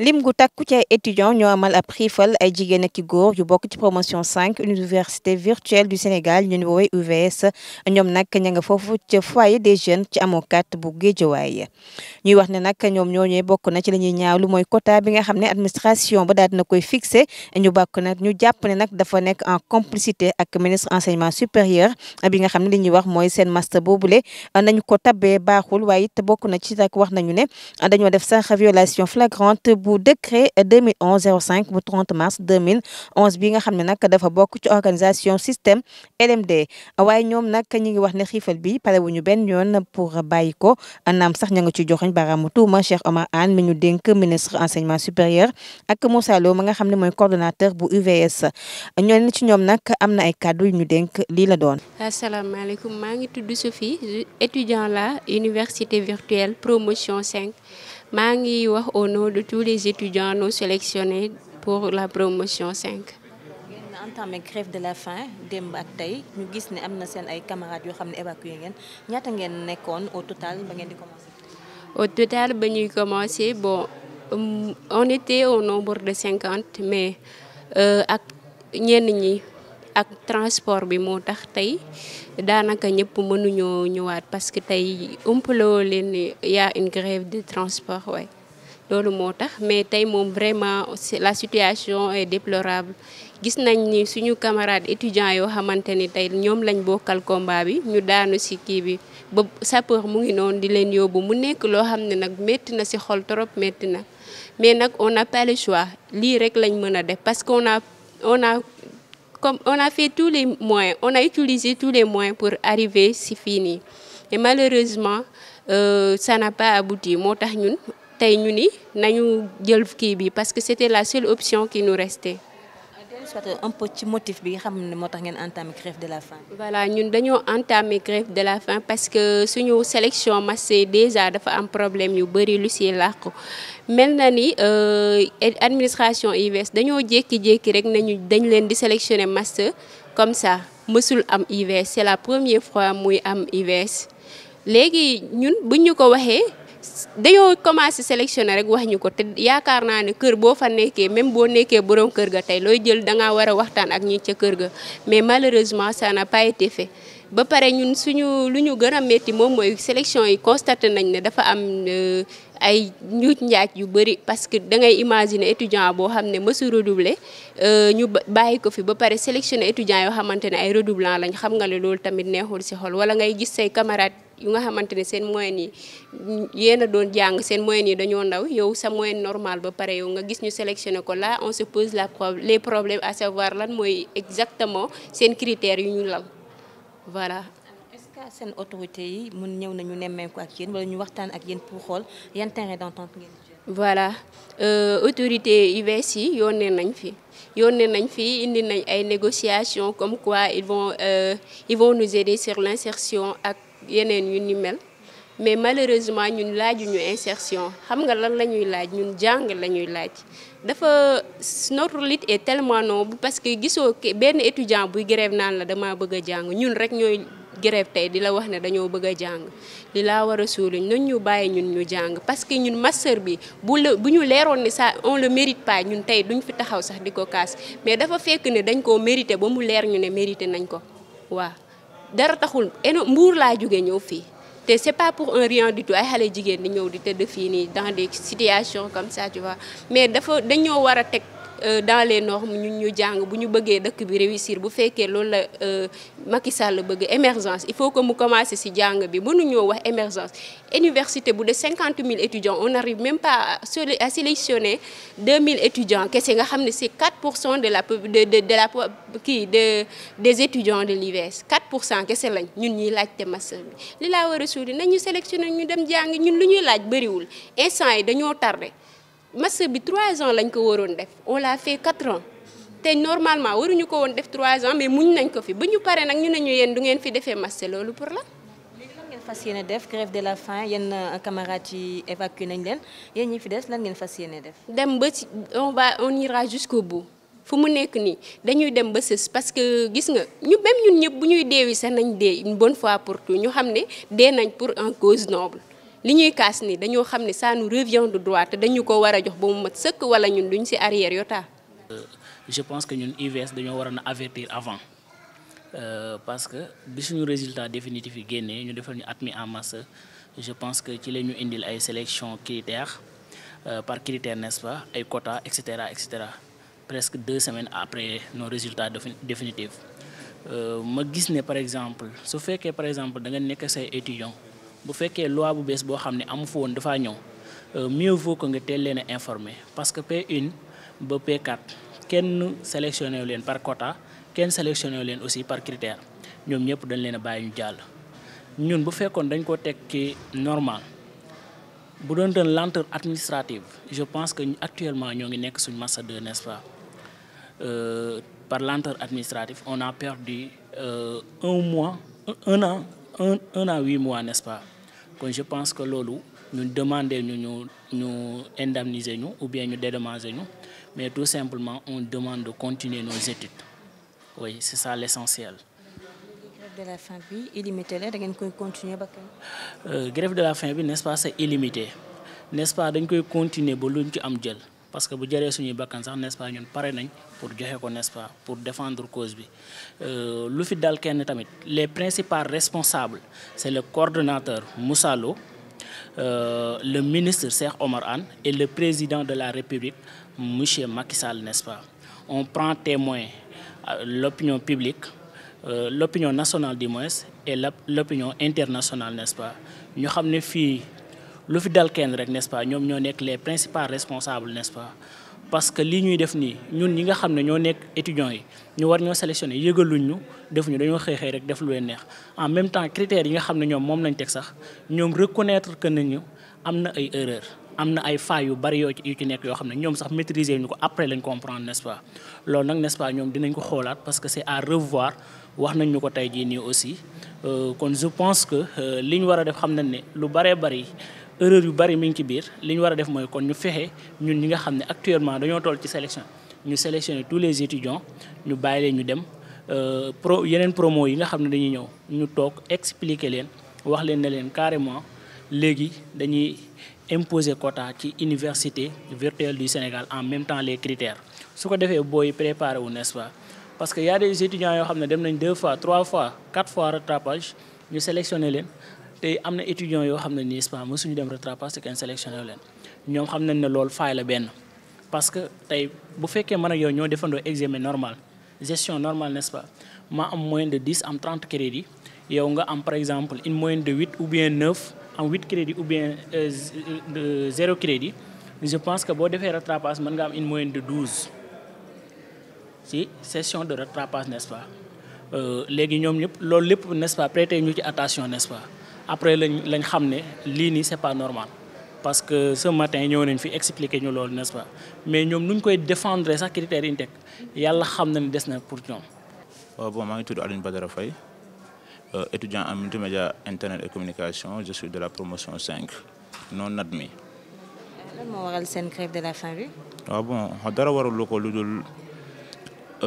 lim gu takku ci ay étudiants ñoo amal ab xiifal ay jigéen ak i góor yu bokk ci promotion 5 université virtuelle du Sénégal ñu woowee UVS ñoom nag ña nga foofu ca foyer des jeunes ci amokat bu Géejawaay ñuy wax ne nag ñoom ñooñee bokk na ci la ñuy ñaawlu mooy quota bi nga xam ne administration ba daal dina koy fixé ñu bokk nag ñu jàpp ne nag dafa nekk en complicité ak ministre enseignement supérieur bi nga xam ne li ñuy wax mooy seen master boobule nañu ko tabbee baaxul waaye it bokk na ci nag wax nañu ne dañoo def sax violation flagrante bu bu décret 2011 05 bu 30 mars 2011 bi nga xam ne nag defa bokk ci organisation système LMD waaye ñoom nag ñi ngi wax ne xiifal bi pare ñu benn yoon pour a bàyyi ko naam sax ña nga ci joxoñ baaraamu tuuma Cheikh Omar Anne mi ñu dénk ministre enseignement supérieur ak Moussa Lo ma nga xam ne mooy coordonnateur bu UVS ñooñu ci ñoom nag am na ay kaddu yu ñu denk lii la doon. asalaamaaleykum maa ngi tudd Sophie étudiant la université virtuelle promotion 5. maa ngi wax au nom de tous les étudiants non sélectionnés pour la promotion cinq en tant que de la faim démb ak tey ñu gis ne am na seen ay camarades yoo xam ne évacué ngeen ñaata ngeen nekkoon au total ba ngeen di commencé. au total ba ñuy commencé bon on était au nombre de cinquante mais euh, ak ñenn ñi. ak transport bi moo tax tey daanaka ñëpp mënuñoo ñëwaat parce que tey umpaloo leen y a une grève de transport waay loolu moo tax mais tey moom vraiment la situation est déplorable gis nañ ni suñu camarades étudiants yoo xamante ni tey ñoom lañ bokkal komba bi ñu daanu ci kii bi ba sapeur mu ngi noonu di leen yóbbu mu nekk loo xam ne nag métti na ci xol trop métti na mais nag on n'a pas le lii rek lañ mën a def parce on a comme on a fait tous les moyens on a utilisé tous les moyens pour arriver si fii nii mais malheureusement euh, ça n'a pas abouti moo tax ñun tey ñu ni nañu jël kii bi parce que c'était la seule option qui nous restait soit un peu ci motif bi nga xam ne moo tax ngeen entamé grève de la faim. voilà ñun dañoo entamé grève de la faim parce que suñu sélection massée déjà dafa am problème yu bëri lu si làqu mel na ni euh, administration UVS dañoo jékki-jékki rek nañu dañ leen di sélectionné masse comme ça mësul am UVS c'est la premier fois muy am UVS léegi ñun buñ ñu ko waxee. dañoo commencé sélectionné rek wax ñu ko te yaakaar naa ne kër boo fa nekkee même boo nekkee borom kër ga tey looy jël da ngaa war a waxtaan ak ñi ca kër ga mais malheureusement ça n'a pas été ba pare ñun suñu lu ñu gën a métti moom mooy sélection yi constaté nañ ne dafa am euh, ay njuuj njaaj yu bari parce que da ngay imaginer étudiant boo xam ne mësu redoubler euh, ñu bàyyi ko fi ba pare sélectionné étudiant yoo xamante ne ay redoublant lañ xam nga ne loolu tamit neexul si xol wala ngay gis say camarades yu nga xamante ne seen moyen yi yéen a doon jàng seen moyen yi dañoo ndaw yow sa moyen normal ba pare yow nga gis ñu sélectionné ko là on se pose la pro les problèmes à savoir lan mooy exactement seen critères yu ñu lal voilà. est-ce que seen autorité yi mun ñëw nañu nemmeeku ak yéen wala ñu waxtaan ak yéen pour xool yan terrain d'entente ngeen voilà euh, autorité UVS yi yónnee nañ fi yónnee nañ fi indi nañ ay négociations comme quoi ils vont euh, ils vont nous aider sur l'insertion yeneen yu ni mel mais malheureusement ñun laajuñu insertion xam nga lan la ñuy laaj ñun jàng la ñuy laaj dafa notre lutte et tellement noble parce que gisoo benn étudiant buy grève naan la dama bëgg a jàng ñun rek ñooy grève tey di la wax ne dañoo bëgg a jàng li laa war a suuluñ nañ ñu bàyyi ñun ñu jàng parce que ñun master bi bu la bu ñu leeroon ni ça on le mérite pas ñun tey duñu fi taxaw sax di ko kaas mais dafa fekk ne dañ koo mérité ba mu leer ñu ne mérité nañ ko waaw dara taxul eno mbuur laa jóge ñëw fii te c'est pas pour un rien du tout ay xale jigéen di ñëw di tëdd fii nii dans des situation comme ça tu vois mais dafa dañoo war a teg Euh, dans les normes ñun ñu jàng bu ñu bëggee dëkk bi réussir bu fekkee loolu la euh, Macky la bëgg émergence il faut que mu commencer ci jàng bi mënuñoo wax émergence université bu de cinquante mille étudiants on n'arrive même pas à sélectionner deux mille étudiants kese nga xam ne c'est quatre pour cent de la de de de la kii de des étudiants de l'UVS quatre pour cent kese lañ ñun ñuy laajte master bi li laa war a suuri nañu sélectionner ñu dem jàng ñun lu ñuy laaj bëriwul instant yi dañoo tardé master bi trois ans lañ ko waroon def on l'a fait quatre ans te normalement waruñu ko woon def trois ans mais muñ nañ ko fi ba ñu paree nag ñu ne ñu yéen du ngeen fi defee master loolu pour la. léegi lan ngeen fas def de la faim yenn euh, camarades yi évacué nañ leen yéen ñi fi des lan ngeen fas yéene def. dem ba ci on va on ira jusqu'au bout fu mu nekk nii dañuy dem ba sës parce que gis nga ñu même ñun ñëpp bu ñuy deewi sax nañ dee une bonne fois pour tout ñu xam ne dee nañ pour un cause noble. li ñuy kaas ni dañoo xam ne ça nous revient de droit te dañu ko war a jox ba mu mat sëkk wala ñun duñ ci arrière yota euh, je pense que ñun IVS dañoo waroon a avertir avant euh, parce que bi suñu résultat définitif yi génnee ñu defal ñu admis en masse je pense que ci la ñu indil ay sélection critères euh, par critère n'est-ce pas ay quotas et cetera et cetera presque deux semaines après nos résultats définitifs euh, ma gis ne par exemple su fekkee par exemple da nga nekk say étudiant bu fekkee loi bu bees boo xam ne amu fa woon dafaa ñëw euh, mieux vaut que nga teel leen a informer parce que p une ba P4 kenn sélectionné wu leen par quota kenn sélectionné wu leen aussi par critère ñoom ñëpp dañ leen a bàyyi ñu jàll. ñun bu fekkoon dañ ko teg ci normal bu doon doon lenteur administrative je pense que actuellement ñoo ngi nekk suñ masse de n'est-ce pas euh, par lenteur administrative on a perdu euh, un mois un an. un un à huit mois n'est-ce pas kon je pense que loolu ñu demander ñu ñu ñu indemniser ñu ou bien ñu dédommager ñu mais tout simplement on demande de continuer nos études oui c'est ça l'essentiel. grève de la faim bi illimité da ngeen koy continuer ba kañ. Euh, grève de la faim bi n'est-ce pas c'est illimité nest pas dañ koy continuer ba lu luñ ci am jël. parce que bu jëree suñuy bakkan sax n'est-ce ñun pare nañ pour joxe ko n'est-ce pas pour défendre cause bi euh, lu fi dal kenn tamit les principaux responsables c'est le coordonnateur Moussa Lo euh, le ministre Cheikh Omar Anne et le président de la République, monsieur Macky Sall, nest On prend témoin euh, l'opinion publique, euh, l'opinion nationale du moins et l'opinion internationale, nest ñu xam ne fii lu fi dal kenn rek n'est-ce pas ñoom ñoo nekk les principaux responsables n'est-ce parce que lii ñuy def nii ñun ñi nga xam ne ñoo nekk étudiants yi ñu war ñoo sélectionné yëgaluñ ñu def ñu dañoo xëy xëy rek def lu leen neex en même temps critère yi nga xam ne ñoom moom lañ teg sax ñoom reconnaître que nañu am na ay erreur am na ay failles yu bari yoo yu ci nekk yoo xam ne ñoom sax maîtriser ñu ko après lañ comprendre n'est-ce pas nag n'est-ce ñoom dinañ ko xoolaat parce que c'est à revoir wax nañ ñu ko tey jii nii aussi euh, kon je pense que euh, li ñu war a def xam nañ ne lu baree bari. erreur yu bari mi ngi ci biir li ñu war a def mooy kon ñu fexe ñun ñi nga xam ne actuellement dañoo toll ci sélection ñu sélectionner tous les étudiants ñu bàyyi leen ñu dem euh, pro yeneen promo yi nga xam ne dañuy ñëw ñu toog expliquer leen wax leen ne leen carrément léegi dañuy imposer quota ci université virtuelle du Sénégal en même temps les critères su ko defee booy préparé wu n'est-ce pas parce que y a des étudiants yoo xam ne dem nañ deux fois trois fois quatre fois rattrapage ñu sélectionné leen tey am na étudiants yoo xam ne ni n'est-ce pas mësuñu dem rattrapage te kenn sélectionné leen ñoom xam nañ ne loolu faay la benn parce que tey bu fekkee man ak yow ñoo defandoo examen normal gestion normale n'est-ce pas ma am moyenne de 10 am 30 yow nga am par exemple une moyenne de 8 ou bien 9 am 8 crédits bien 0 euh, crédit je pense que boo defee rattrapage mën nga am une moyenne de 12 ci session de rattrapage n'est-ce pas euh, léegi ñoom ñëpp loolu lépp n'est-ce pas prêter ñu ci attention n'est-ce pas après lañ lañ xam ne lii nii c'est pas normal parce que ce matin ñëw nañ fi expliquer ñu loolu n'est-ce pas mais ñoom nu ñu koy défendre sax critères yi ñu teg yàlla xam na ne des na pour ñoom. bon maa ngi tudd Alioune Badara Faye euh, étudiant en multimédia internet et communication je suis de la promotion cinq non admis. mi moo bi. waaw bon dara warul ko lu dul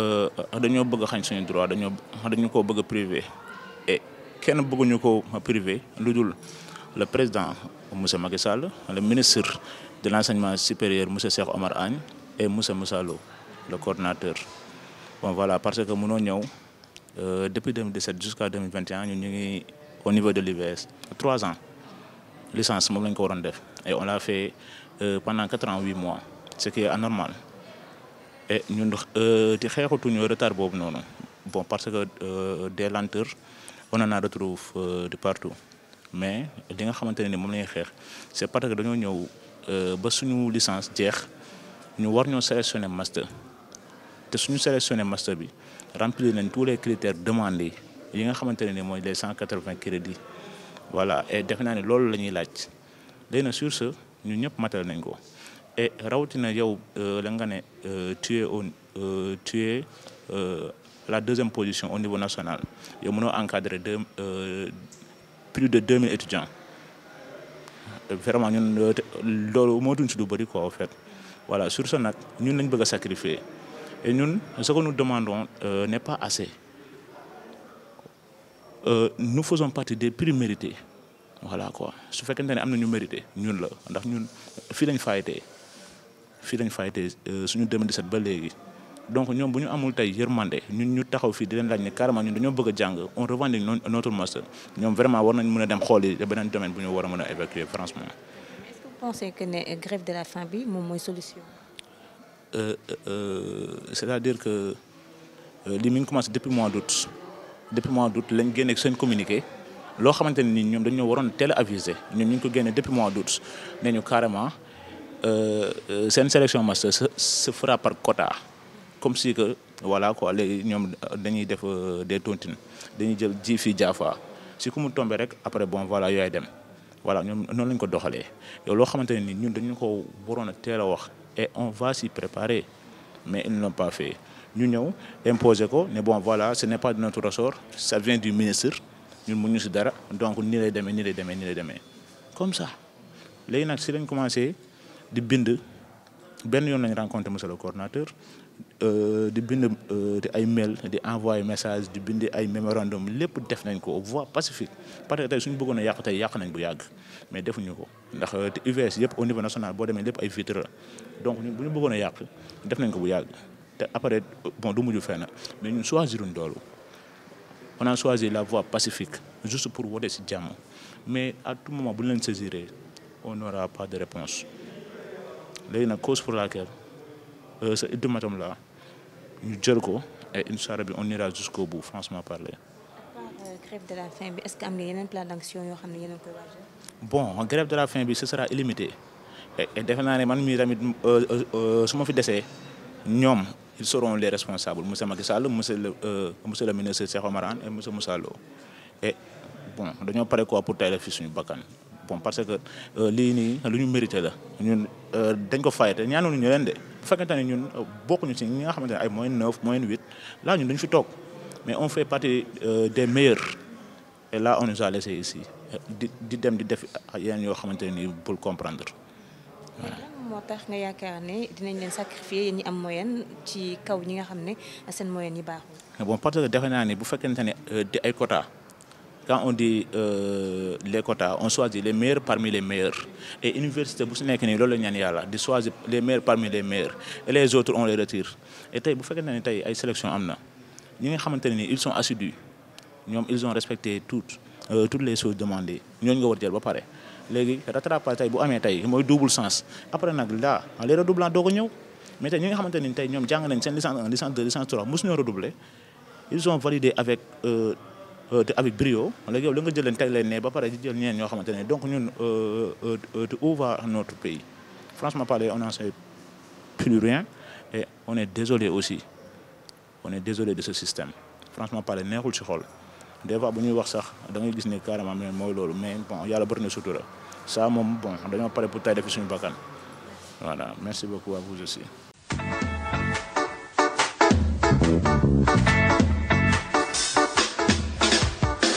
euh, dañoo bëgg a xañ suñu droit dañoo koo bëgg a privé. kenn bëgguñu ko privé lu dul le président monsieur Macky Sall le ministre de l'enseignement supérieur monsieur Cheikh Omar Agne et monsieur Moussa Lo le coordinateur bon voilà parce que mënoo ñëw euh, depuis 2017 jusqu'à 2021 ñun ñu ngi au niveau de l'UVS trois ans licence moom lañ ko waroon def et on l'a fait euh, pendant quatre ans huit mois ce qui est anormal et ñun di euh, xeexutuñu retard boobu noonu bon parce que des lenteurs on en a retrouve euh, de partout mais li nga xamante ne ni moom la xeex c'est parce que dañoo ñëw euh, ba suñu licence jeex ñu war ñoo sélectionner master te suñu sélectionner master bi remplir nañ tous les critères demandés yi nga xamante ne ni mooy les cent quatre vingt crédits voilà et defe naa ne loolu la ñuy laaj léegi nag sur ce ñun ñëpp matal nañ ko et rawatina yow euh, la nga ne tu es au tu es la deuxième position au niveau national yow mënoo encadrer deux euh, plus de 2000 étudiants vraiment ñun loolu mootuñ si lu bëri quoi en fait sur ce nag ñun lañ bëgg a sacrifier et ñun ce que nous demandons euh, n'est pas assez euh, nous partie des prix mérité voilà quoi su fekkente ne am na ñu mérité ñun la ndax ñun fii lañ faytee fii lañ faytee euh, suñu 2017 ba léegi. donc ñoom bu ñu amul tey yërmande ñun ñu taxaw fii di leen laaj ne carrément ñun dañoo bëgg a jàng on revendique notre master ñoom vraiment war nañ war a mën a évacuer franchement. est-ce que vous pensez que ne grève de la bi moom mooy solution. Euh, euh, euh, c'est-à-dire que li mi ngi commencé mois d'août depuis mois d'août lañ génneeg seen communiqué loo xamante ne nii ñoom dañoo waroon teel aviser ñoom ñu ngi ko génne depuis mois d'août nee ñu carrément seen sélection master se se fera par quota. comme si que voilà quoi léegi ñoom dañuy def euh, des tontines dañuy jël ji fii jaafa si ku mu tombé rek après bon voilà yooyu dem wala ñoom noonu lañ ko doxalee yow loo xamante ne ni ñun dañu ko waroon a teel a wax et on va s'y préparer mais ils ne pas fait ñu ñëw imposer ko ne bon voilà ce n'est pas de notre ressort ça vient du ministre ñun mu ñu si dara donc nii lay demee nii lay demee nii lay demee comme ça léegi nag si lañ commencé di bind benn yoon lañ rencontré monsieur le coordonnateur Euh, di bind euh, di ay mail di envoyé message di bind ay mémorandum lépp def nañ ko voie pacifique parce que tey suñu bëggoon a yàq tey yàq nañ bu yàgg mais defuñu ko ndax euh, te UVS yëpp au niveau national boo demee lépp ay vitre donc ñun bu ñu bëggoon a yàq def nañ ko bu yàgg te après bon du mujj fenn mais ñun choisiruñ loolu on a choisi la voie pacifique juste pour wote si jàmm mais à tout moment bu ñu leen saisiree on n'aura pas de réponse léegi nag cause pour la laquelle Euh, ce ultimatum là ñu jël ko et incha bi on ira jusqu'au bout franchement parler. Euh, grève de la faim bi est-ce que am nga xam ne yéen a koy waajal. bon bi ce sera illimité et defe naa ne man mi tamit euh, su ma fi desee ñoom ils seront les responsables monsieur Macky Sall monsieur le monsieur le ministre Cheikh Oumar Anne et monsieur Moussa Lo pare quoi pour tayla fi suñu bakkan parce que lii nii lu ñu mérité la ñun dañ ko fayete ñaanuñu ñu leen de. bu fekkente ñun euh, bokkuñu ci ñi nga xamante ay moyenne neuf moyenne huit là ñun dañu fi toog mais on fait partie euh, des meilleurs et là on nous a laissé di di dem di def yeneen yoo xamante ne nii bul comprendre voilà. moo tax nga yaakaar ne dinañ leen sacrifier yéen ñi am moyen ci kaw ñi nga xam ne seen moyenne yi baaxul. bon parce que defe naa ni bu fekkente ne euh, di ay cota quand on dit euh, les quotas on choisit les meilleurs parmi les meilleurs et université bu si nekk nii loolu la ñaan yàlla di choisir les meilleurs parmi les meilleurs et les autres on les retire et tey bu fekkee ne tey ay sélection am na ñi nga xamante ils sont assidus ñoom ils ont respecté euh, toutes les choses demandées ñooñu nga war ba pare léegi rattrapage tey bu amee tey mooy double sens après nag là les redoublants doo ko ñëw mais tey ñi nga xamante ne nii ñoom jàng nañ seen licence 1 licence te euh, avec brio léegi yow la nga jël teg leen ne ba pare di jël ñeneen ñoo xamante ne donc ñun euh, euh, de où va notre pays franchement parler on n'en sait plus rien et on est désolé aussi on est désolé de ce système franchement parler neexul si xol des fois bu ñuy wax sax da ngay gis ne carrément mais mooy loolu mais bon yàlla bëri na la ça moom bon dañoo pare pour tay defi suñu bakkan voilà merci beaucoup à vous aussi